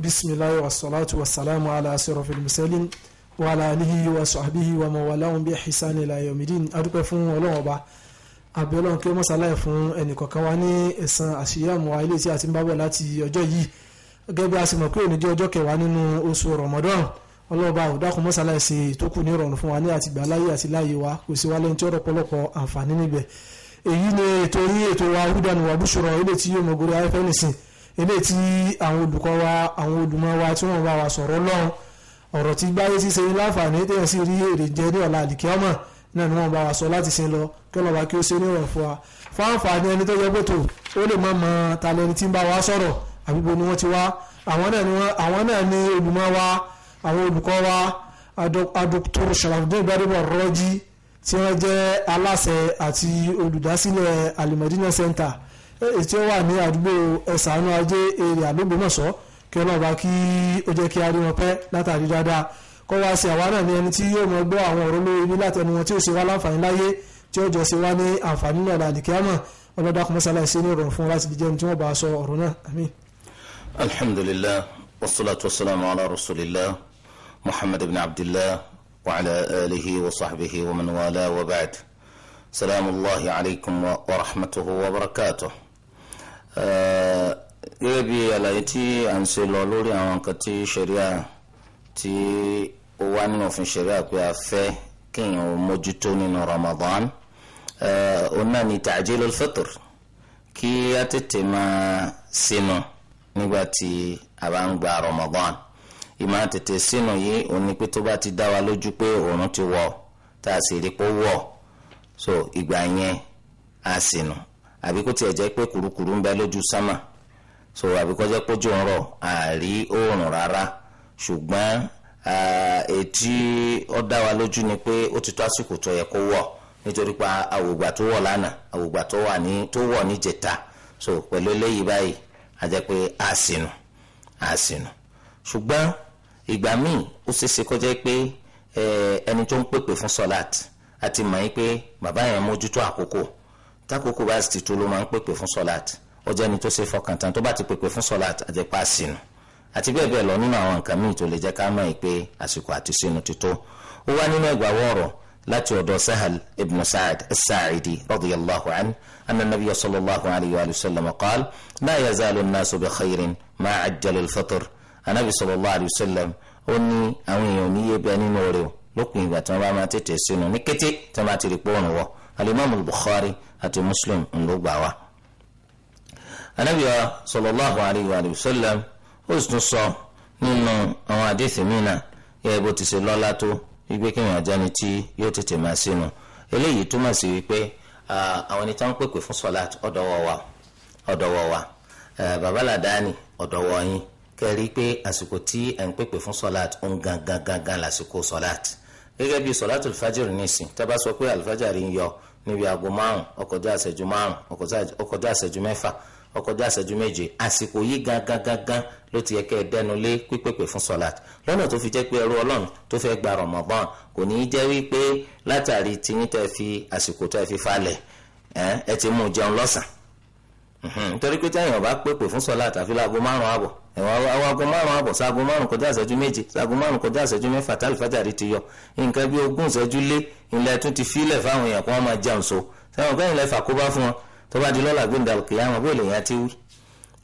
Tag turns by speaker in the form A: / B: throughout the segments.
A: bisimilayi wasalaatu wasalaamu ala asorofi musalin wàhálà alihi wa sahbihi wa mawalahun bi hisani la yomidin adúpẹ́ fún Ọlọ́run ọba abiola kí o mọ sálẹ fún ẹnìkọ̀ọ̀kan wa ní ẹ̀san àṣeyàmù wa ilé tí a ti ń bá bọ̀ láti ọjọ́ yìí gẹ́gẹ́ bí a sì mọ̀ pé òní jẹ́ ọjọ́ kẹwàá nínú oṣù rọmọdán ọlọ́ọ̀ba òdàkùn mọ́sálà ṣe ìtókù ní ìrọ̀rùn fún wa ní àtìgbà láyé àti láyé wa kò sí wálé tí ọ̀rọ̀ àǹfààní níbẹ̀ èyí ni ètò yí ètò wa húdà wàbúṣọrọ ilé tí yóò mọ gorí afẹ́ nìsín eléyìí tí àwọn olùkọ́ wa àwọn olùmọ̀ wa tí wọ́n bá wa sọ̀rọ̀ lọ́hùn ọ̀rọ̀ tí gbáyé ṣíṣe ní láǹfààní tẹ̀yìn sí rí èrè jẹ ní ọ̀la àlìkíọ́mọ̀ náà ni wọ́n bá wa sọ láti sin lọ kí ọlọ́ba kí ó ṣe nírọ̀ fún wa fáǹfààní ẹni tó yẹ gbòtò ó lè má mọ talẹ́ni tí ń bá wa sọ̀rọ̀ àbíbo ni wọ́n ti wá àwọn náà ni àwọn náà ni olùmọ̀ wa àwọn olùkọ́ wa adókòtòrò Sharafdin Gbadebo Rọ́jí tí wọ́n jẹ́ èyí tí ó wà ní àdúgbò ẹ̀sánú ajé èrè àlógbòmọ̀ṣọ́ kí ọlọ́run bá kí ó jẹ́ kí a rí wọn pẹ́ látàrí dáadáa kó wá sí àwa náà ní ẹni tí yóò mọ gbọ́ àwọn ọ̀rọ̀ lórí ibi látẹnu wọn tí ó ṣe wá láǹfààní láyé tí ó jọ ṣe wá ní àǹfààní náà làlìkíámọ̀ ọlọ́dàkùn mọ́sálà ìṣe ní ìrọ̀rùn fún láti fi jẹun tí wọ́n bá sọ ọ̀rọ̀ náà àmín.
B: wasalaatu wasalaamu alaykum wa rahmatuhu wa barakatuh gẹ́gẹ́ bí àlàyé tí à ń ṣe lọ lórí àwọn nǹkan tí ṣẹ̀ríà tí ó wá nínú òfin ṣẹ̀ríà pé a fẹ́ kéèyàn ó mójútó nínú Ramadan òun náà ni ta'jil al-fitr kí a tètè máa sínú nígbà tí a bá ń gba Ramadan ìmọ̀ tètè sínú yìí òun ni pé tó bá ti dá wa lójú pé òun ti wọ̀ tá a sì rí pé ó wọ̀ so ìgbà yẹn a sínú àbí kó tiẹ̀ jẹ́ pé kùrukùru ń bẹ lójú sánmà so àbí kó jẹ́ pójú ń rọ̀ àárí oòrùn rárá ṣùgbọ́n etí ó dá wa lójú ni pé ó ti tó àsìkò tó yẹ kó wọ̀ nítorí pé àwògbà tó wọ̀ lánàá àwògbà tó wà ní tó wọ̀ ní jẹta so pẹ̀lú eléyìí báyìí a jẹ́ pé a sínú a sínú ṣùgbọ́n ìgbà míì ó ṣeéṣe kó jẹ́ pé ẹni tó ń pèpè fún sọ́láàtì àti mọ̀ yín pé bàbá yẹn mójútó àkókò takoko bá sì tó ló máa ń pèpè fún sọláàt ó jẹ́ ni tó ṣe fọkàn tán tó bá ti pèpè fún sọláàt àjẹpá sínú àti bẹ́ẹ̀ bẹ́ẹ̀ lọ nínú àwọn nǹkan míì tó lè jẹ́ ká mọ̀ pé àsìkò àti sínú ti tó ó wá nínú ẹgbàá wọ̀rọ̀ láti ọ̀dọ̀ sahal ibn sa'ad as radiyallahu an anna sallallahu alayhi wa sallam qaal la yazalu an-nasu bi khayrin ma ajjala al anabi sallallahu alayhi wa sallam ó ní àwọn èèyàn ò ní yé bẹ́ẹ̀ nínú oore o ìgbà tí wọ́n bá máa tètè sínú ní kété tí wọ́n bá ti rí pọ́ọ̀rùn wọ̀ alimami bukhari àti muslim ló gbà wá. anabiya sallallahu alayhi wa sallam ó sì tún sọ nínú àwọn àdéhìí mìíràn yẹ bó ti ṣe lọ́lá tó wípé kí èèyàn jáni tí yóò tètè máa sínú eléyìí túmọ̀ sí wípé àwọn ẹni tí wọ́n ń pèpè fún sọ́láàtì ọ̀dọ́wọ́ wa ọ̀dọ́wọ́ wa bàbá làdáni pé àsìkò tí ẹ̀ ń pèpè fún sọ́láàtì ń gan gan gan gan lásìkò sọ́láàtì gẹ́gẹ́ bí sọ́láàtì alifájìrì nìsín tẹ́ bá sọ pé alifájìrì ń yọ níbi aago márùn ó kọjá ìṣẹ́jú márùn ó kọjá ìṣẹ́jú mẹ́fà ó kọjá ìṣẹ́jú méje àsìkò yìí gangan gangan ló ti yẹ kẹ́ ẹ dẹnu lé pípèpè fún sọ́lát lọ́nà tó fi jẹ́ pé ẹrú ọlọ́run tó fẹ́ gba rọ̀mọ̀bọ́n kò ní í jẹ́ wípé látàrí tiyín tẹ́ fi àsìkò tẹ́ fi falẹ̀ ẹ ti mú jẹun lọ́sàn-án nítorí mm-hmm. pé táyà ọba pèpè fún sọlá àtàfi láago márùn àbọ̀ ẹ̀wọ̀n aago márùn àbọ̀ sáago márùn kọjá ìṣẹ́jú méje sáago márùn kọjá ìṣẹ́jú mẹ́fà tá àlùfájàrí ti yọ nǹkan bí ogún ìṣẹ́jú lé ilẹ̀ tún ti fílẹ̀ fáwọn èèyàn kó wọ́n máa jẹun so sẹ́wọ̀n kẹ́yìn lẹ́fà kó bá fún wọn tó bá di lọ́la gbẹ̀ndà òkè àwọn bóyá èèyàn ti wí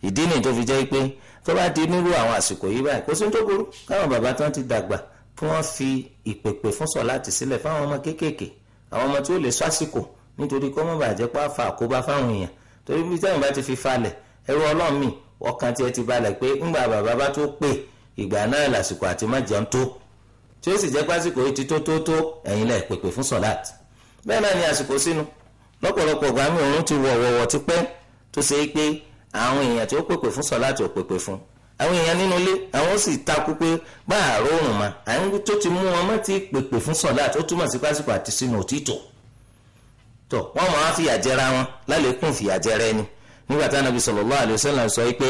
B: ìdí nìyí tó fi jẹ́ pé tó bá di nírú àwọn àsìkò yìí báyìí kò sí tó nítorí kó má àfa àkóbá fáwọn èèyàn torí bí sẹ́yìn bá ti fi falẹ̀ ẹrú ọlọ́run mi ọkàn tiẹ̀ ti balẹ̀ pé ńgbà bàbá bá tó pè ìgbà náà lásìkò àti má jẹun tó tí ó sì jẹ́ pásìkò yìí ti tó tó tó ẹ̀yin lẹ̀ pèpè fún sọ̀láàt bẹ́ẹ̀ náà ni àsìkò sínú lọ́pọ̀lọpọ̀ gbàmí òun ti wọ̀ wọ̀wọ̀ ti pẹ́ tó ṣe é pé àwọn èèyàn tí ó pèpè fún sọ̀láàt ò pèpè fún àwọn èèyàn nínú ilé àwọn ó sì takú pé báà rọrùn mà àwọn tó ti mú wọn mọ́ ti pèpè fún sọ̀láàt ó túmọ̀ sí pásìkò àti sínú òtítọ́ tó wọ́n máa fìyà jẹra wọn lálẹ́kùn fìyà jẹra ẹni nígbà tí anabi sallallahu alayhi wa sallam sọ pé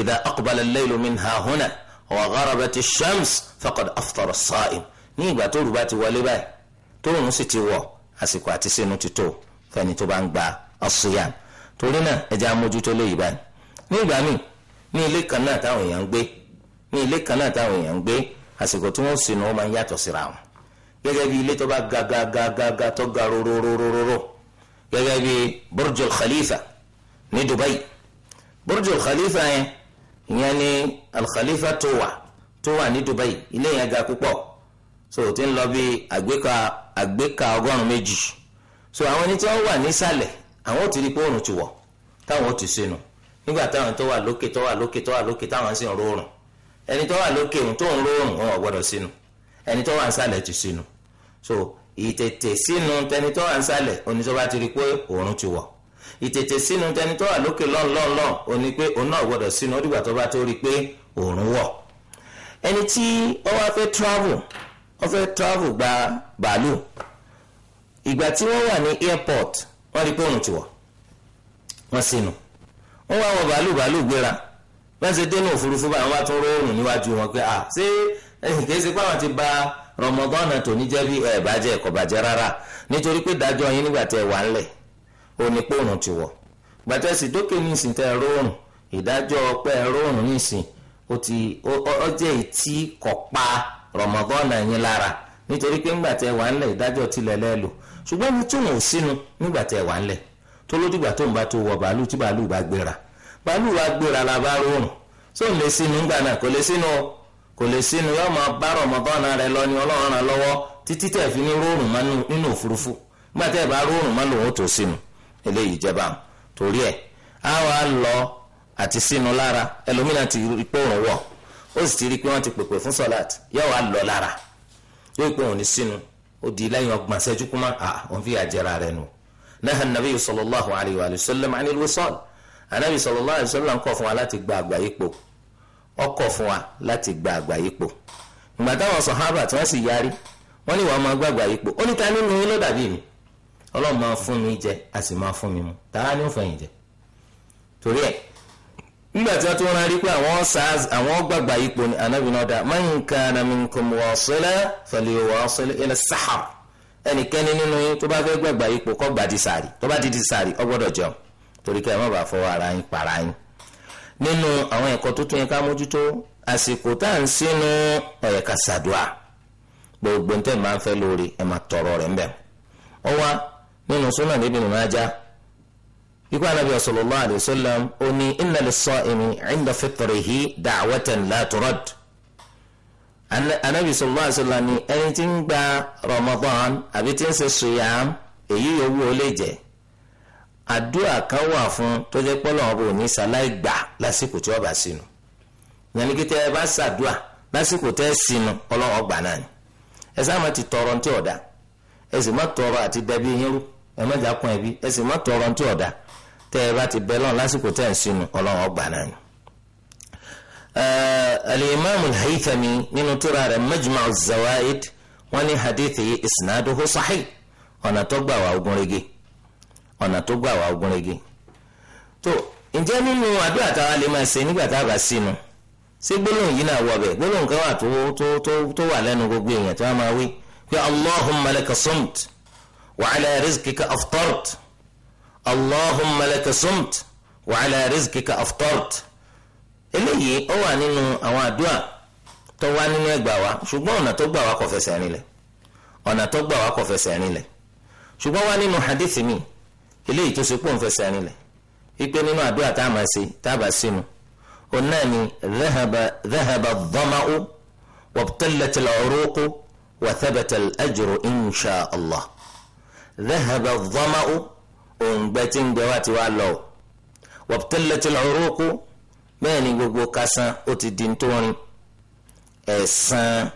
B: idha aqbala al-laylu min hahuna wa gharabat ash-shams faqad aftara as-sa'im ní ìgbà tó rúbá ti wọlé báyìí tó òun sì ti wọ̀ àsìkò àti sínú ti tó fẹ́ni tó bá ń gba as-siyam torí náà ẹja amójútó lè yí báyìí ní ìgbà míì ní ilé kan náà táwọn èèyàn ń gbé ní ilé kan náà táwọn èèyàn ń gbé àsìkò tí wọ́n sì nù máa ń yàtọ̀ síra wọn gẹ́gẹ́ bí ilé tó bá ga ga ga ga ga tó ga rorororororo gẹ́gẹ́ bí burjul khalifa ní dubai burjul khalifa yẹn ìyẹn ni alkhalifa tó wà tó wà ní dubai ilé yẹn ga púpọ̀ so ti ń lọ bí àgbéka àgbéka ọgọ́rùn méjì so àwọn ẹni tí wọ́n wà nísàlẹ̀ àwọn ò ti rí pé oòrùn ti wọ̀ táwọn ò ti sínú nígbà táwọn tó wà lókè tó wà lókè tó wà lókè táwọn sì ń rọrùn ẹni tó wà lókè òun tó ń rọrùn wọn ò gbọdọ̀ sínú ẹni tó wà nísàlẹ̀ ti sínú so ìtètè sínú tẹni tó wà ń sálẹ̀ oní tó bá ti rí pé òórùn ti wọ̀ ìtètè sínú tẹni tó wà lókè lọ́nlọ́nlọ́n oní pé òun náà gbọ́dọ̀ sínú ó dìgbà tó bá tó rí pé òórùn wọ̀ ẹni tí ó wá fẹ́ travel ó fẹ́ travel gba bàálù ìgbà tí wọ́n wà ní airport wọ́n rí pé òórùn ti wọ̀ wọ́n sínú wọ́n wá wọ bàálù bàálù gbéra bẹ́ẹ̀ ṣe dénú òfurufú báyìí wọ́n bá tún róòrùn níwájú wọn pé à ṣé ẹ̀yìn ba rọmọdọ́nà tòní jẹ́ bí ẹ̀ bàjẹ́ kò rárá nítorí pé dájọ́ yín nígbà tẹ́ wà ńlẹ̀ ó ní pòrùn ti wọ̀ gbàtẹ́ sì dókè ní ìsìn tẹ́ róòrùn ìdájọ́ ọpẹ́ róòrùn ní ìsìn ó pa yín lára nítorí pé ńgbà tẹ́ wà ńlẹ̀ ìdájọ́ tilẹ̀ lẹ́lò ṣùgbọ́n ò nígbà tẹ́ wọ kò lè sínú yóò máa bá rọmọdọ́nà rẹ lọ ní ọlọ́run ràn lọ́wọ́ títí tẹ̀ fi ní róòrùn mọ́ nínú òfurufú nígbà tẹ̀ bá róòrùn mọ́ lòun ó tó sínú eléyìí jẹba torí ẹ̀ á wà lọ àti sínú lára ti rí pé òun wọ̀ ó sì ti rí pé wọ́n ti pèpè fún yóò wà lọ lára yóò pé òun ní sínú ó di lẹ́yìn ọgbọ̀n òun fi àjẹrà rẹ nù alayhi wa sallam ọkọ̀ fún wa láti gba àgbà ìgbà táwọn sọ̀hábà tí wọ́n sì yarí wọ́n ní wàá máa gbàgbà yípo ó ní ta nínú yín ló dàbí mi ọlọ́run máa fún mi jẹ a sì máa fún mi mu tàá ní òfin jẹ torí ẹ̀ nígbà tí wọ́n tún àwọn sars àwọn gbàgbà yípo kana minkum sahara ẹnikẹ́ni nínú yín tó bá fẹ́ gbàgbà nínú àwọn ẹ̀kọ́ tó tún yẹ ká mójútó àsìkò tá à ń sínú ọ̀rẹ́ ká ṣàdúà gbogbo ntẹ́ máa ń fẹ́ lórí ẹ̀ máa tọrọ rẹ̀ ńbẹ̀. ó wá nínú súnà níbi nínú ajá ikú anabi sallallahu alayhi wa sallam ó ní inna lis-sa'imi 'inda fitrihi da'watan la turad. anabi sallallahu alayhi wa ẹni tí ń gba Ramadan àbí tí ń ṣe suyam èyí yòówù ó lè jẹ́ àdúrà kan wà fún tó jẹ́ pé Ọlọ́run ní sáláì gbà lásìkò tí ọba sínú ìyẹn ẹ bá lásìkò sínú náà ẹ sáà má ti tọrọ ntí ọ̀dà ẹ sì má tọrọ àti dẹbi yín rú ẹ má jà kún ẹbí ẹ sì má tọrọ ntí ọ̀dà ẹ bá ti bẹ lọ́n lásìkò tẹ́ sínú náà ni. ọ̀nà tó gbà wá ogúnrégé tó ǹjẹ́ nínú àdúrà táwa lè máa ṣe nígbà tá a bá sínú ṣé gbólóhùn yìí náà wọ bẹ́ẹ̀ gbólóhùn kan wà tó wà lẹ́nu gbogbo èèyàn tí wọ́n máa wí pé allahumma laka sumt wa ala rizqika aftart allahumma laka sumt wa ala rizqika aftart eléyìí ó wà nínú àwọn àdúrà tó wá nínú ẹgbà wa ṣùgbọ́n ọ̀nà tó gbà wá kò fẹsẹ̀ rinlẹ̀ ọ̀nà tó gbà wá kò fẹsẹ̀ rinlẹ̀ ṣùgbọ́n wá nínú hadithi míì eléyìí tó ṣe pọ̀ ń fẹsẹ̀ rinlẹ̀ wípé nínú àdúrà tá a máa ṣe tá a bá sínú òun náà ni dhahaba dhama'u wabtallat al-uruqu wa thabata al-ajru insha allah dhahaba dhama'u òǹgbẹ tí ń gbẹ wá ti wá lọ wabtallat al bẹ́ẹ̀ ni gbogbo kásán ó ti di ntòrin ẹ̀san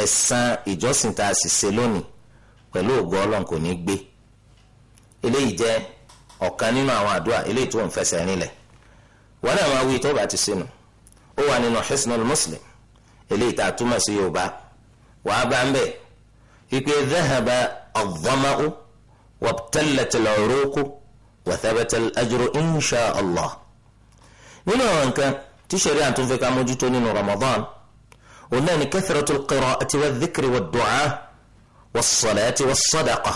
B: ẹ̀san ìjọsìn tá a sì ṣe lónìí pẹ̀lú ògo ọlọ́run kò ní gbé eléyìí jẹ́ ọ̀kan nínú àwọn àdúrà eléyìí tó ń fẹsẹ̀ rinlẹ̀ wọn náà máa wí tó bá ti sínú ó wà nínú Hisnul Muslim eléyìí tá a túmọ̀ sí Yorùbá wàá bá ń bẹ̀ wípé dhahaba adh-dhama'u wabtallat al-'uruqu wa thabata al-ajru insha Allah nínú àwọn nǹkan tí sẹ́ríà tún fẹ́ ká mójútó nínú Ramadan òun náà ni kathratul qira'ati wadh-dhikri wad-du'a was-salati was-sadaqa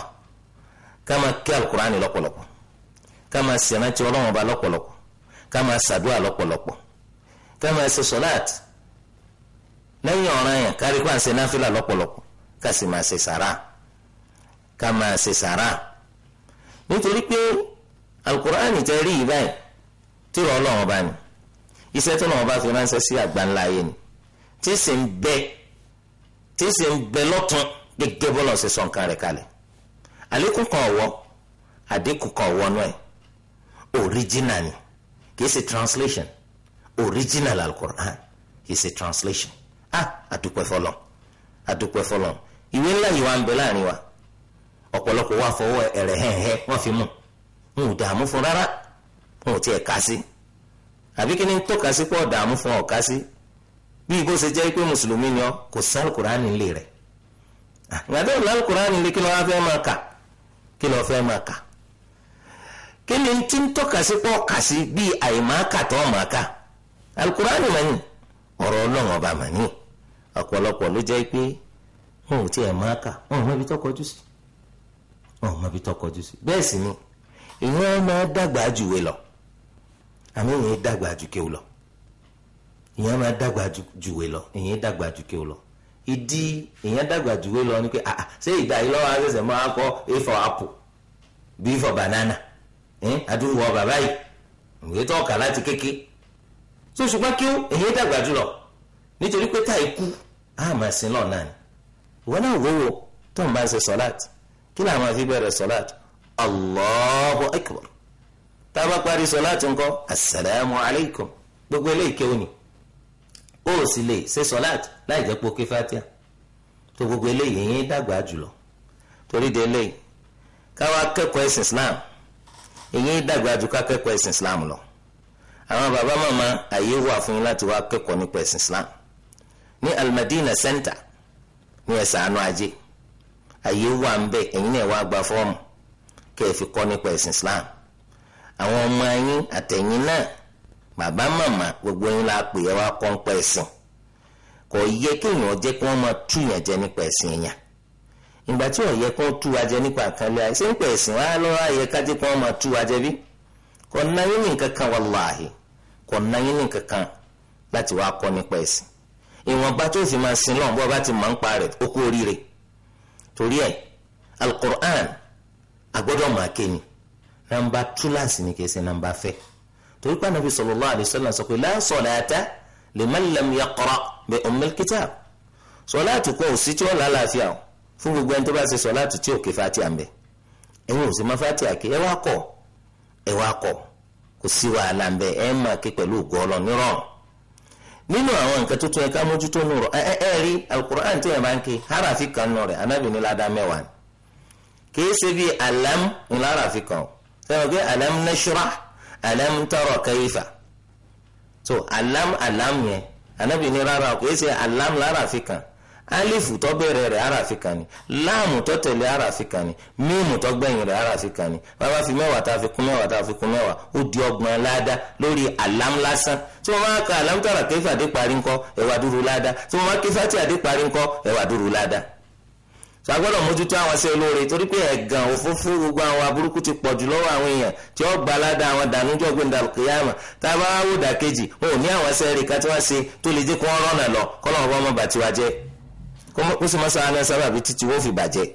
B: ká máa kí alukurani lọ́pọ̀lọpọ̀ ká máa ṣèrántí ọlọ́run ọba lọ́pọ̀lọpọ̀ ká máa ṣàdúrà lọ́pọ̀lọpọ̀ ká máa ṣe sọ́láàtì lẹ́yìn ọ̀ràn yẹn kárí kó à ń ṣe náfìlà lọ́pọ̀lọpọ̀ ká sì máa ṣe sàrà ká máa ṣe sàrà nítorí pé alukurani tẹ rí yìí báyìí tí ìrọ̀ ọlọ́run ọba ni iṣẹ́ tó lọ́wọ́ fi ránṣẹ́ sí àgbáńlá ayé ni tí sì tí sì ń bẹ lọ́tún ṣe sọ nǹkan rẹ̀ àlékún ọwọ ọ̀wọ́ ọwọ kan ọ̀wọ́ ka original translation original translation a ah, àdúpẹ́ fọlọ́ àdúpẹ́ fọlọ́ iwe ńlá yìí wà ń wa ọ̀pọ̀lọpọ̀ wà fọwọ́ ẹ̀rẹ̀ fi mú n ò dààmú fún rárá n ò tiẹ̀ ká àbí kí ni tó ká sí pọ̀ dààmú fún ọ̀ ká bí ibo ṣe jẹ́ kí lọ́ọ́ fẹ́ máa kà kí ni tí ń tọ́ka sí pọ́ kà sí bíi àìmáka tó máa kà alukurani mọ̀ ní ọ̀rọ̀ ọlọ́run ọba mọ̀ ní ọ̀pọ̀lọpọ̀ ló jẹ́ pé wọn ò tiẹ̀ máa kà wọn ò mọ ibi tó kọjú sí wọn ò mọ ibi sí bẹ́ẹ̀ sì ni ìyẹn máa dàgbà jùwé lọ àmì ìyẹn dàgbà jù kéwù lọ ìyẹn máa dàgbà jùwé lọ ìyẹn dàgbà jù kéwù lọ ìdí èèyàn dàgbà jùwé lọ ni pé àà ah, ah, ṣé ìdá yìí lọ́wọ́ àṣẹṣẹ máa kọ́ a for apple b for banana eh, àdúgbò bàbá yìí ìwé tó láti kéke tó ṣùgbọ́n kí èèyàn dàgbà jùlọ nítorí pé táì kú lọ náà ni ìwọ náà wọ́wọ́ tó ń bá ń ṣe sọ́láàt kí ni àwọn àfi bẹ̀rẹ̀ sọ́láàt Allahu tá a bá parí sọ́láàt gbogbo eléyìí o sì lè ṣe sọláàt láì jẹ́ pé ó ké fatia tó gbogbo eléyìí yín dàgbà jùlọ torí de eléyìí káwa kẹ́kọ̀ọ́ ẹ̀sìn Islam èyí dàgbà ju ká kẹ́kọ̀ọ́ ẹ̀sìn Islam lọ àwọn bàbá màmá àyè wà fún yín láti wá kẹ́kọ̀ọ́ nípa ẹ̀sìn Islam ní almadina madina ní ẹ̀sà àánú ajé àyè wà ń bẹ náà wá gba fọ́ọ̀mù kẹ́ fi kọ́ nípa ẹ̀sìn Islam àwọn ọmọ yín àtẹ̀yìn náà bàbá màmá gbogbo yín la pè é wá kọ́ ń pa ẹ̀sìn kò yẹ kéèyàn jẹ́ kí wọ́n máa túyàn jẹ nípa ẹ̀sìn yẹn ìgbà tí ọ̀yẹ́ kan tú jẹ nípa nǹkan lẹ́yà ṣé nípa ẹ̀sìn wa lọ́wọ́ ayẹ kájé kan máa tú jẹ bí kò náyé ní láti wá kọ́ nípa ìwọ̀nba tó máa sin bá ti máa ń pa rẹ̀ ó kú oríire torí ẹ̀ alukur'an agbọ́dọ̀ máa kéyìn túláàsì ni torí pé anabi sallallahu alayhi wasallam sọ pé la salata liman lam yaqra bi ummil kitab sọláàtì kọ òsì tí ó lálàáfíà o fún gbogbo ẹni tó bá ṣe sọláàtì tí ò ké fatia mbẹ ẹ̀yin ò sì máa fatia ké ẹ wá kọ ẹ wá kọ kò sí wàhálà mbẹ ẹ máa ké pẹ̀lú ògùn ọlọ nírọ̀rùn nínú àwọn nǹkan tó ẹ ká mójútó nù rọ ẹ ẹ rí alukur'an tí ẹ máa ń ké harafi kan nù rẹ anabi ní ládàá mẹ́wàá kì í ṣe bí alam ní láràfi kan sẹ́wọ̀n pé alam nashrah alam tara kaifa so alam alam yẹn anabi ni rárá o kò ṣe alam lára fi kan alifu tó bẹ̀rẹ̀ rẹ̀ ara fi kan ni láàmù tó tẹ̀lé ara fi kan ni mímù tó gbẹ̀yìn rẹ̀ ara fi kan ni bàbá fi mẹ́wàá tá fi kún mẹ́wàá tá fi kún mẹ́wàá ó di ọgbọ̀n láàdá lórí alam lásán tí wọ́n máa ka alam tara kaifa dé parí ńkọ́ ẹ̀wà dúró láàdá tí wọ́n máa kí fati àdé parí ńkọ́ ẹ̀wà dúró láàdá sàgbọ́dọ̀ mójútó àwọn ṣe olóore torí pé ẹ̀gàn òfófó gbogbo àwọn aburúkú ti pọ̀ jù lọ́wọ́ àwọn èèyàn tí ó gba aládá àwọn dànù jọ gbẹ̀ndà kìyàmà tá a bá wò dàkejì wọn ò ní àwọn ṣe eré kan tí wọ́n ṣe tó lè dín kó wọ́n lọ kọ́ lọ́wọ́ bá wọn bà tiwa jẹ́ kó sì mọ́ sáà náà sábàbí títí wọ́n fi bàjẹ́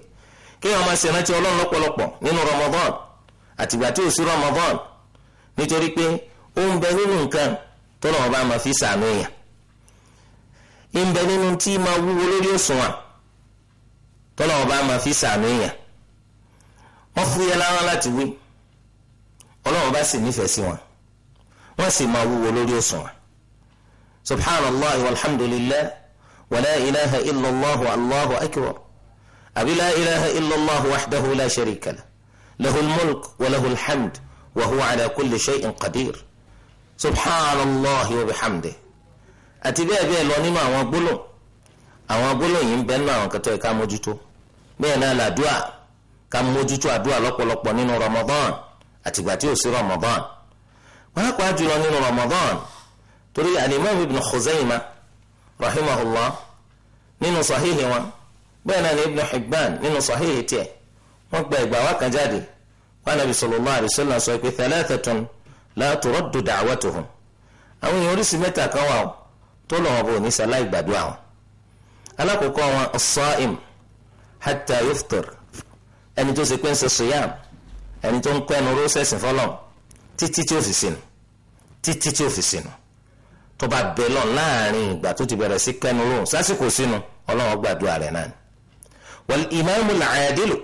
B: kéèyàn máa ṣèrántí ọlọ́run lọ́pọ̀lọpọ̀ nínú Ramadan àtìgbà tí ò sí Ramadan nítorí pé ó ń bẹ nínú nǹkan tó lọ́wọ́ bá máa fi ṣàánú tọ́lọ́wọ́n bá máa fi sànú èèyàn wọ́n fúyẹ́ láwọn láti wí ọlọ́wọ́ bá sì nífẹ̀ẹ́ sí wọn wọ́n sì máa wúwo lórí wọn. òṣùwọ̀n subhanallah walhamdulillah wàlá ilaha illallah allahu akbar àbí la ilaha illallah wahdahu la sharika la lahul mulk wa lahul hamd wa huwa ala kulli in qadir subhanallah wa bihamdi àti bẹ́ẹ̀ bẹ́ẹ̀ lọ nínú àwọn gbólóhùn àwọn gbólóhùn yìí ń bẹ́ẹ̀ nínú àwọn kẹtọ́ ẹ̀ka mójútó. bẹ́ẹ̀ náà làdúà ká mójútó àdúà lọ́pọ̀lọpọ̀ nínú Ramadan àtìgbà tí ò sí Ramadan pàápàá jùlọ nínú Ramadan torí alimam ibn Khuzaima rahimahullah nínú sahihi wọn bẹ́ẹ̀ náà ni ibn Hibban nínú sahihi tiẹ̀ wọ́n gba ìgbà wákan jáde wọn nàbì sallallahu alaihi wasallam sọ pé thalathatun la turaddu da'watuhum àwọn èèyàn oríṣi mẹ́ta kan wà tó lọ́wọ́ bò ní sáláì gbàdúrà wọn alákòókò wọn as-sa'im hatta yuftor ẹni tó ṣe pé ń ṣe siyam ẹni tó ń kọ́ ẹnu ró sẹ̀sìn fọlọ́ títí tí ó fi sínú títí tí ó fi sínú tó bá bẹ lọ láàrin ìgbà tó ti bẹ̀rẹ̀ sí kẹ́nu ró sásìkò sínú ọlọ́run gbàdúrà rẹ̀ náà ni. wal imamu al-adilu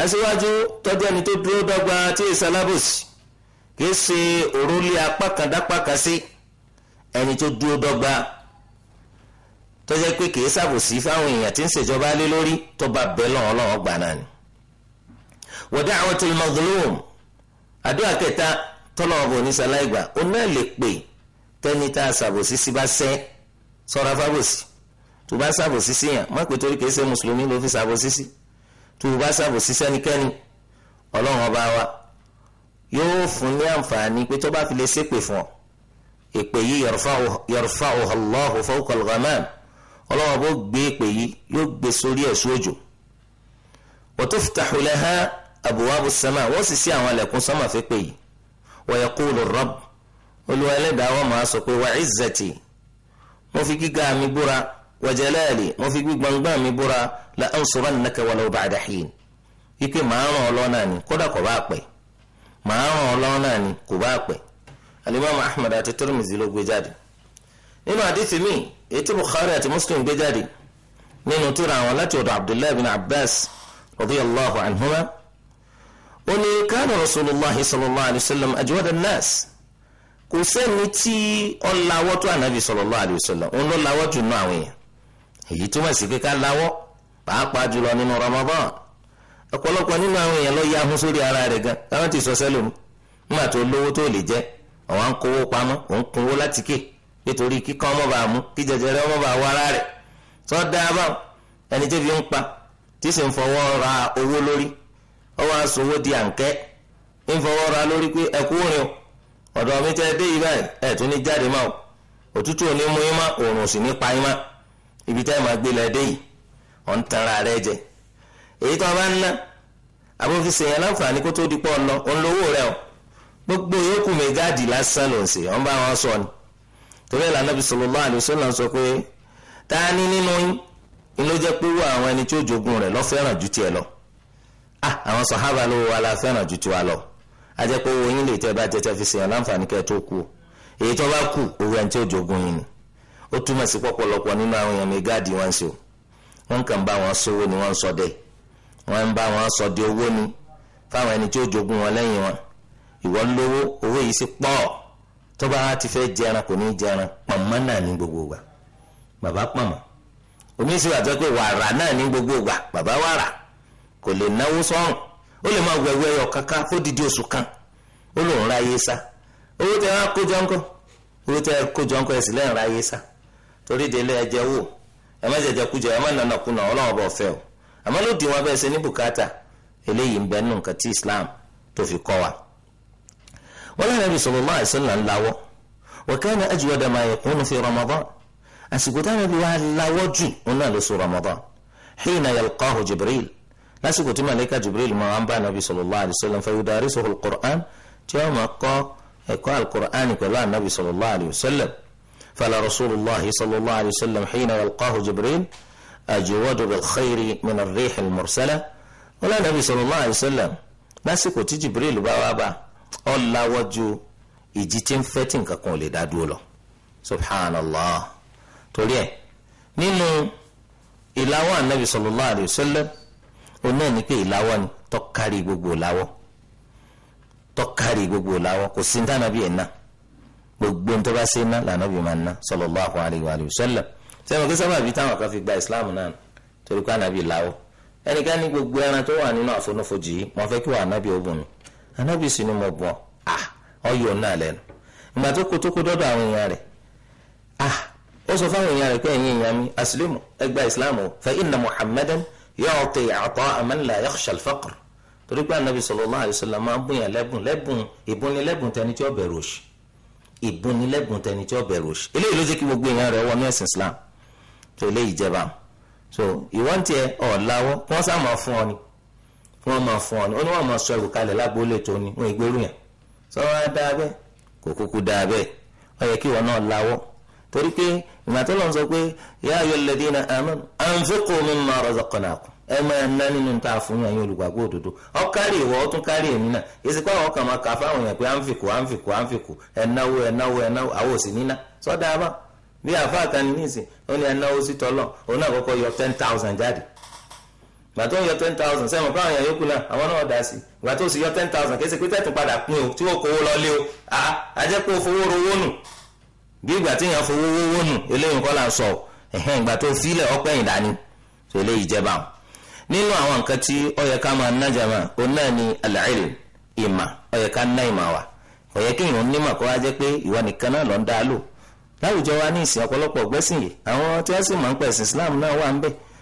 B: aṣíwájú tọ́jú ẹni tó dúró dọ́gba tí èsì alábòsí kì í ṣe òrólé apá kan dápá kan sí ẹni tó dúró dọ́gba tó jẹ́ pé kìí ṣàbòsí fáwọn èèyàn tí ń ṣèjọba lé lórí tó bá bẹ́ lọ́wọ́ lọ́wọ́ gbà náà ni. wa da'watul mazlum àdúrà kẹta tọ́lọ́wọ́ bò ní sàláìgbà ó náà lè pè tẹ́ni tá a ṣàbòsí sí bá sẹ́ sọ́ra fábòsí tó bá ṣàbòsí sí yàn má pé torí kìí ṣe mùsùlùmí ló fi ṣàbòsí sí tó bá ṣàbòsí sẹ́nikẹ́ni ọlọ́run ọba wa yóò fún ní àǹfààní pé tó bá fi lè ṣépè fún ọ èpè yìí yarfa'uha Allahu fawqa al ọlọ́wọ́ bó gbé èpè yìí yóò gbé sórí ẹ̀sùn òjò wa tuftahu laha abwabu sama wọ́n sì sí àwọn ẹlẹ́kùn sánmà fẹ́ pè yìí wa yaqulu rabb olúwa ẹlẹ́dàá wọn máa sọ pé wa izzati mo fi gíga mi búra wa jalali mo fi gbígbọ́ngbọ́n mi búra la ansurannaka walau ba'da hin ike màá ràn ọ́ lọ́nà ni kódà kò bá pẹ́ màá ràn ọ́ lọ́nà ni kò bá pẹ́ alimami ahmed àti tirmidhi ló jáde nínú àdìsí míì èyí tí bukhari àti muslim gbé jáde nínú tírà àwọn láti ọ̀dọ̀ abdullahi bin abbas radiyallahu anhuma ó ní kánà rasulullahi sallallahu alayhi wa sallam ajwada nas kò sẹ́ni tí ó lawọ́ tó ànábì sallallahu alayhi wa sallam òun ló lawọ́ jù nù àwọn èèyàn èyí túmọ̀ sí pé ká lawọ́ pàápàá jùlọ nínú ramadan ọ̀pọ̀lọpọ̀ nínú àwọn èèyàn lọ́ọ́ yahun sórí ara rẹ̀ gan káwọn ti sọ sẹ́lòmù nígbà tó lówó tó lè jẹ́ àwọn ń kówó pamọ́ òun kúnwó láti kéè nítorí kíkọ́ ọmọ bá mú kí jẹjẹrẹ ọmọ bá wọ ara rẹ̀ tó ẹni tó fi ń pa tí sì ń fọwọ́ ra owó di àǹkẹ́ ń fọwọ́ ra lórí pé ọ̀dọ̀ mi tẹ́ dé ẹ̀ tún ní jáde máa òtútù ibi tẹ́ máa gbé lẹ dé yìí ọ̀ ń tanra rẹ jẹ èyí tó bá ń ná o gbogbo lásán sè ọ́n bá wọn ni torí ẹ̀ lànà bisalòlá àdìsọ́lá sọ pé taa ni nínú yín inú jẹ́ pé wọ àwọn ẹni tí ó rẹ̀ lọ́ fẹ́ràn ju tiẹ̀ lọ ah àwọn sàhábà ló wà fẹ́ràn ju tiwa lọ a jẹ́ pé owó yín lè tẹ́ bá tẹ́tẹ́ fi ṣèyàn láǹfààní kẹ́ tó kú èyí tó bá kù owó ẹni tí ó jogún yín ni ó túmọ̀ sí pọ̀pọ̀lọpọ̀ nínú àwọn èèyàn ní gáàdì wọn sí o wọ́n kàn bá wọn sówó ni wọ́n sọ tọba bá ti fẹ́ jẹran kò ní jẹran pọ̀nmọ́ náà ní gbogbo ìgbà bàbá pọ̀nmọ́ omi sì wà tó pé wàrà náà ní gbogbo ìgbà bàbá wàrà kò lè náwó sọ́run ó lè máa wẹ̀wẹ̀ ẹyọ kankan dìde kan ó lòun ra ayé sá owó tẹ kó jọǹkọ owó tẹ kó jọǹkọ ẹ sì lẹ́yìn ra ayé sá torí délé ẹjẹ wò ẹ má jẹjẹ ẹ má nànà ọlọ́wọ́ bọ̀ fẹ́ o àmọ́ ló dì wọn bẹ́ẹ̀ ṣe ní bùkátà eléyìí ń bẹ́ẹ̀ nù nǹkan Islam tó fi ولا النبي صلى الله عليه وسلم لاو وكان أجود ما يكون في رمضان أسكتان بها لاو جي أنا لسو رمضان حين يلقاه جبريل لا سكت ملك جبريل ما أنبى نبي صلى الله عليه وسلم فيدارسه القرآن جاوما قال القرآن كلا النبي صلى الله عليه وسلم فلا رسول الله صلى الله عليه وسلم حين يلقاه جبريل أجود بالخير من الريح المرسلة ولا النبي صلى الله عليه وسلم ما سكت جبريل بابا ọ láwọ́ ju ìjì tí ń fẹ́ tí nǹkan kan ò lè dá torí ẹ nínú ìlàwọ anabi sallallahu alayhi wa sallam o náà ní pé ìlàwọ ni tọ́kárí gbogbo gbogbo láwọ́ kò sí gbogbo ní bá sallallahu wa sallam sẹ́wọ̀n kí sábà bíi táwọn kan fi gba islam náà torí pé gbogbo ẹran tó wà nínú yìí anábì sì ni mo bọ̀ ah ọyọ náà lẹ́nu ìgbà tó kó tó kó dọ́dọ̀ àwọn èèyàn rẹ̀ ah ó sọ fáwọn èèyàn rẹ̀ pé ẹ̀yin èèyàn mi asilimu ẹgbà ìsìláàmù fa inna muhammadan yu'ti ata'a man la yakhsha al-faqr torí pé anabi sallallahu alayhi wa máa ń bùn lẹ́bùn lẹ́bùn ìbùnilẹ́bùn tẹni tí ó bẹ̀rù òṣì ìbùnilẹ́bùn tẹni tí ó bẹ̀rù òṣì eléyìí ló jẹ́ kí gbogbo èèyàn rẹ̀ wọnú ẹ̀sìn islam tó eléyìí jẹba so ìwọ́n tiẹ̀ ọ̀ láwọ́ wọ́n sá máa fún ọ ni kí wọ́n máa fún ọ ní ó ní wọ́n máa sọ ẹrù kalẹ̀ lágbóòlè tó ní wọ́n ìgbérù yàn sọ wá dáa kò kúkú dáa bẹ́ẹ̀ ó yẹ kí náà torí pé ìgbà tó sọ pé ya ayyul ladina amanu anfiqu mimma ẹ nínú fún yín òdodo ọ kárí ìwọ ọ tún kárí èmi náà àwọn kà fáwọn pé àwọn òsì bí ó ní gbàtó yọ ten thousand sẹ́wọ̀n fún àwọn èèyàn náà àwọn náà dá sí sì yọ ten thousand pé o tí a kówó o a ajẹ́ pé o fowó rówó nù bí ìgbà tí èèyàn fowó wówó nù eléyìí kọ́ là ń sọ ẹ̀hẹ́n ìgbà tó filẹ̀ ọpẹ́ yìí dání tó eléyìí jẹba o nínú àwọn nǹkan tí ó máa nájà máa o náà ni al-ilm ìmà nna ná ìmà wa láwùjọ wa ní ìsìn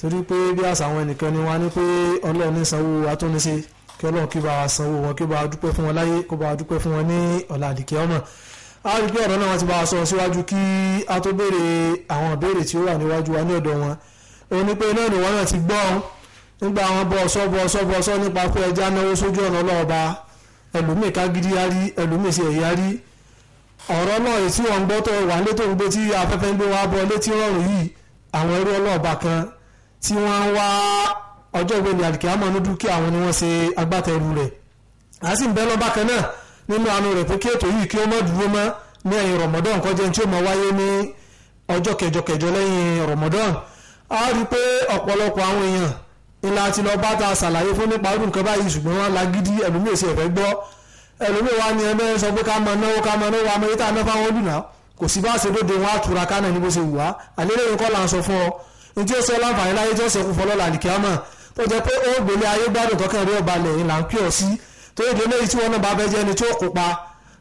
A: torí pé bí àṣà àwọn ẹnìkan ni wọ́n á ní pé ọlọ́run ní sanwó atúnisẹ kí ọlọ́run kí bá wa sanwó wọn kí bá wa dúpẹ́ fún wọn láyé kó bá wa dúpẹ́ fún wọn ní ọ̀la àdìkẹ́ ọmọ a rí pé ọ̀rọ̀ náà wọ́n ti bá wa sọ síwájú kí a tó béèrè àwọn ìbéèrè tí ó wà níwájú wa ní ọ̀dọ̀ wọn òun ni pé náà nìwọ́n náà ti gbọ́ ọ́n nígbà àwọn bọ́ọ̀sọ́ bọ́ọ̀sọ́ bọ́ọ̀sọ́ nípa pé ẹja náwó sójú ọ̀nà ọlọ́ọ̀ba ẹlòmíì kágídí á rí ẹlòmíì sí ẹ̀yà rí ọ̀rọ̀ náà èyí tí wọ́n ń gbọ́ tó wà létò ń gbé tí afẹ́fẹ́ ń gbé wá bọ́ létí rọrùn yìí àwọn ẹrú ọlọ́ọ̀ba kan tí wọ́n ń wá ọjọ́ ìwé ní àdìkíámọ̀ ní dúkìá wọn ni wọ́n ṣe agbátẹrù rẹ̀ a sì ń bẹ́ lọ́ba kan náà nínú àánú rẹ̀ pé kí ètò yìí kí ó má dúró mọ́ ní ẹ̀yìn Ramadan kọjá tí ó máa wáyé ní ọjọ́ kẹjọ kẹjọ lẹ́yìn Ramadan a rí i pé ọ̀pọ̀lọpọ̀ àwọn èèyàn ńlá ti lọ bá ta ṣàlàyé fún nípa ọdún kan báyìí ṣùgbọ́n wọn lagídí ẹlòmíì èsì ẹ̀fẹ́ gbọ́ wa ni ẹgbẹ́ sọ pé ká mọ náwó ká mọ náwó amẹ́ríkà náà fáwọn ọdún náà ní tí ó sọ láǹfààní láyé tí ó sẹ́kù fọlọ́lá àlìkíámà tó jẹ́ pé ó gbélé ayé gbádùn tọ́kàn rí ọba lẹ́yìn là ń pè ọ́ sí tó yẹ délé tí wọ́n náà bá bẹ́jẹ́ ni tí ó kópa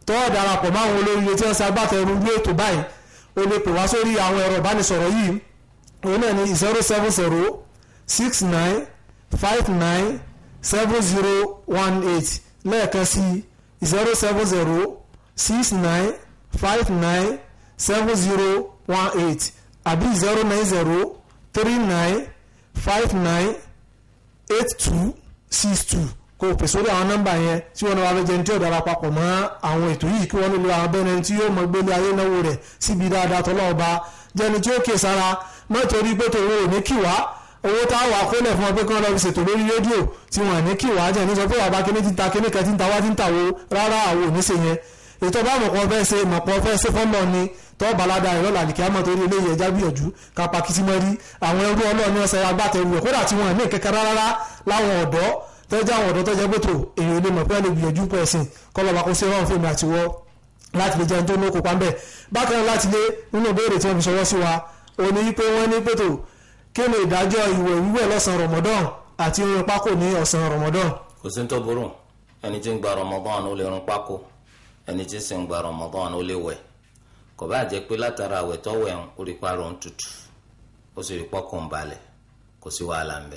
A: tó ọ̀ darapọ̀ máwọn olóríire tí wọ́n ṣe agbátẹrù ní ètò báyìí o lè pè wá sórí àwọn ẹ̀rọ ìbánisọ̀rọ̀ yìí òun náà ni zero seven zero six nine five nine seven zero one eight lẹ́ẹ̀kan sí zero seven zero six nine five nine seven zero one eight àbí zero nine zero three nine five nine eight two six two kò pè sórí àwọn nọ́mbà yẹn tí wọ́n náà wà lójẹ tí ọ̀dà àpapọ̀ mọ́ àwọn ètò yìí kí wọ́n lè lo àwọn abẹ́rẹ́ tí yóò mọ gbélé ayé náwó rẹ̀ síbi dáadáa tọ́lọ́ọ̀ba jẹni tí ó kè sára má torí pé tòun ò ní kì wá owó tá a wà kólẹ̀ fún ọ pé kán lọ fi ṣètò lórí rédíò tí wọn ní kí wàá jẹ́ ní sọ pé bàbá kíní ti ta kíní kan ti ń ta wá ti ń tàwo rárá àwọn ò tọ́ balada ẹ̀rọ là ní kí a mọ̀ torí eléyìí ẹja gbìyànjú ká pa kìtì mọ́ rí àwọn ẹrú ọlọ́ọ̀ni ọ̀sẹ̀ agbátẹrù rẹ̀ kódà tí wọ́n ní kẹ́kẹ́ rárá láwọn ọ̀dọ́ tọ́jà àwọn ọ̀dọ́ tọ́jà gbẹ́tò èèyàn lè mọ̀ pé lè gbìyànjú pọ̀ ẹ̀sìn kọ́lọ́ba kó sí ọ̀rọ̀ fèmí àtiwọ́ láti lè jẹun tó ní okùnpá ń bákan wa òní wípé wọ́n ní pètò kí ni ìdájọ́ ìwẹ̀ wíwẹ̀ Ramadan àti irun pákó ní Ramadan.
B: kò sí ní tó ẹni tí ń gba Ramadan ó lè run pákó ẹni tí sì ń gba Ramadan ó lè wẹ̀ kò bá jẹ́ pé látara àwẹ̀ tó wẹ̀ ń orí parọ́ ń tutù ó sì rí pọ́kùn balẹ̀ kò sí wàhálà ń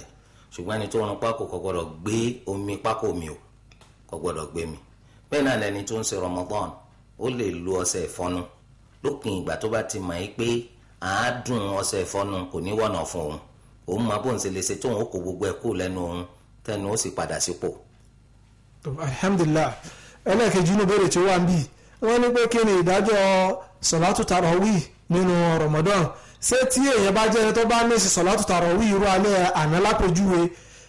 B: ṣùgbọ́n ẹni tó ń pákó kò gbọ́dọ̀ gbé omi pákó mi o kò gbọ́dọ̀ gbé mi bẹ́ẹ̀ náà lẹni tó ń ṣe Ramadan ó lè lo ọṣẹ ìfọnu lópin ìgbà tó bá ti mọ̀ ẹ́ pé àádùn ọṣẹ ìfọnu kò ní wọ̀nà fún òun òun máa bó ń ṣe lè ṣe tóun ó kó gbogbo ẹ̀ kú lẹ́nu òun tẹnu ó sì padà sípò.
A: alhamdulillah ẹlẹ́ẹ̀kejì inú bẹ̀rẹ̀ tí ó wà ń bíi wọ́n ní pé kí ni ìdájọ́ sọ̀látù tàràwí nínú Ramadan ṣé tí èèyàn bá jẹ́ ẹni tó bá mèsì sọ̀látù tàràwí irú alẹ́ àná lápèjúwe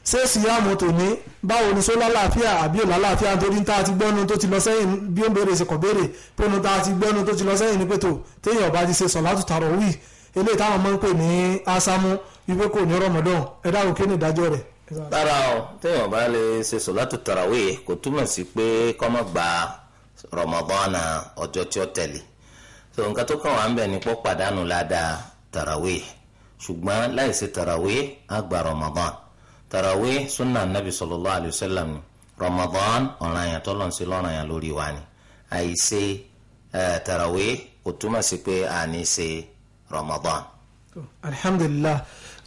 A: ṣé síyáàmù tòní báwo ni sólá láàfíà àbí òlá láàfíà nítorí tá a ti gbọ́nu tó ti lọ sẹ́yìn bí ó ń béèrè ṣèkọ̀ béèrè pé nu tá a ti gbọ́nu tó ti lọ sẹ́yìn ní pètò téèyàn bá ti ṣe sọ̀látù tàràwí eléyìí táwọn máa ń pè ní ásámú wípé kò ní Ramadan ẹ dáhùn kí ni ìdájọ́ rẹ̀. rárá
B: o téèyàn bá lè ṣe sọ̀látù tàràwí kò túmọ̀ sí pé kọ́mọ gbà rọmọbọ́nà ọjọ́ tí ó tẹ̀lé so nǹkan tó kàn wá ń bẹ̀ ni pọ́ pàdánù ládàá tarawih ṣùgbọ́n láì ṣe tarawih á gba rọmọbọ́n tarawih sunna nabi sallallahu alayhi wa sallam ni rọmọbọ́n ọ̀ràn àyàn tó lọ́n sí lọ́ràn àyàn lórí wa ni àìṣe tarawih kò túmọ̀ sí pé àní ṣe rọmọbọ́n.
A: alhamdulillah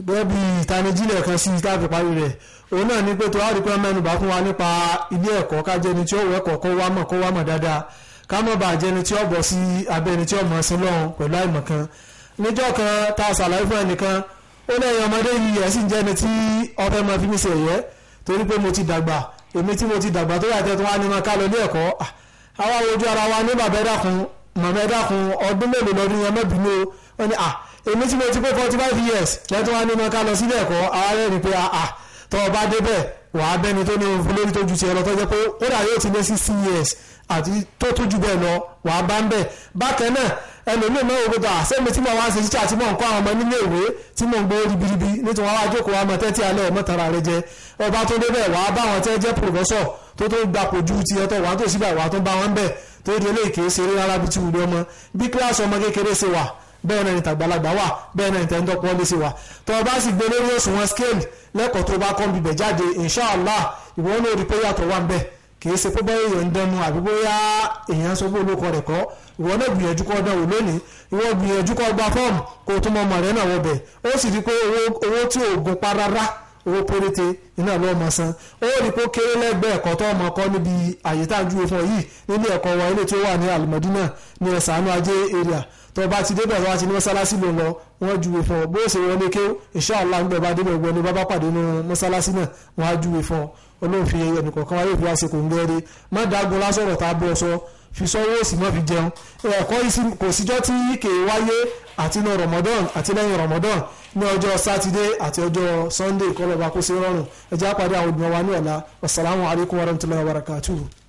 A: bẹ́ẹ̀ bí ìtanijílẹ̀ kan sí ìtàbí parí rẹ̀ òun náà ni pé tó wá rí pé mẹ́nubà fún wa nípa ilé ẹ̀kọ́ ká jẹ́ ẹni tí ó wẹ́kọ̀ọ́ kó wá mọ̀ kó wá mọ̀ dáadáa ká má bàa jẹ́ tí ó bọ̀ sí abẹ́ ẹni tí ó mọ̀ sí lọ́hùn pẹ̀lú àìmọ̀ kan níjọ́ kan tá a ṣàlàyé fún ẹnìkan ó lẹ́yìn ọmọdé yìí ẹ̀ sì ń jẹ́ ẹni tí ọfẹ́ máa fi mí ṣe ẹ̀yẹ́ torí pé mo ti dàgbà èmi tí mo ti dàgbà tó yàtẹ̀ tó wá ní máa ká lọ ilé ẹ̀kọ́ àwa ojú ara wa ní bàbá èmi tí mo ti pé forty five years lẹ́tọ́ wá ní máa ká lọ sílé ẹ̀kọ́ àwa rẹ̀ rí pé àà tọ́ ọ bá débẹ̀ wàá bẹ́ni tó ní ohun fún lórí tó ju tiẹ̀ lọ tó jẹ́ pé kódà yóò ti lé sixty years àti tó tó ju bẹ́ẹ̀ lọ wàá bá ń bẹ̀ bákan náà ẹlòmíì náà ògbótó àsẹ́mi tí mo wá ń ṣe títí àti mò ń kọ́ àwọn ọmọ nílé ìwé tí mò ń gbowó ribiribi nítorí wọn wá jókòó àmọ́ tẹ́tí alẹ́ ọmọ tara rẹ jẹ ọba tó débẹ̀ wàá bá wọn tẹ́ jẹ́ pòfẹ́sọ̀ tó tó gbapò ju ti ẹtọ́ wàá tó síbẹ̀ wàá tó bá wọn bẹ̀ tó di eléyìí kì ṣeré rárá bí ti wùdí bẹ́ẹ̀ náà ni tàgbàlagbà wà bẹ́ẹ̀ náà ni tẹ̀ńtọ́pọ̀ lè ṣe wà tó o bá sì gbé lórí òṣùwọ̀n scale lẹ́kọ̀ọ́ tó bá kọ́ ń bibẹ̀ jáde inshàlá ìwọ ló rí pé yàtọ̀ wà ń bẹ̀ kìí ṣe pé bóyá èèyàn ń dẹnu àbí bóyá èèyàn sọ pé olóko rẹ̀ kọ́ ìwọ náà gbìyànjú kọ́ dánwò lónìí ìwọ gbìyànjú kọ́ gba fọ́ọ̀mù kó o tún mọ ọmọ rẹ náà wọ bẹ̀ ó sì rí pé owó tí ò pa rárá owó péréte iná ló mọ san ó rí pé ó kéré lẹ́gbẹ̀ẹ́ ẹ̀kọ́ tó ọmọ kọ́ níbi àyè tá a ju ìfọ̀ yìí nílé ẹ̀kọ́ wa ilé tí ó wà ní al ní ẹ̀sánú ajé area tó bá ti débẹ̀ tó bá ti ní mọ́sálásí ló ń lọ wọ́n júwe fún ọ bó ṣe wọlé ké insha Allah ń bẹ̀ bá débẹ̀ wọlé bá bá pàdé nínú mọ́sálásí náà wọ́n á júwe fún ọ olóòfin ẹyẹ nìkọ̀ọ̀kan wáyé òfin àṣekò ń gẹ́rẹ́ má dágun lásọ̀rọ̀ tá a bọ̀ sọ fi sọ́wọ́ òsì mọ́ fi jẹun ẹ̀kọ́ kò síjọ́ tí kè wáyé àti ní Ramadan àti lẹ́yìn Ramadan ní ọjọ́ sátidé àti ọjọ́ Sunday kọlọ́ba kó ṣe rọrùn ẹ jẹ́ á pàdé àwọn obìnrin wa ní ọ̀la wasalaamu alaykum wa rahmatulahi wa barakatuhu.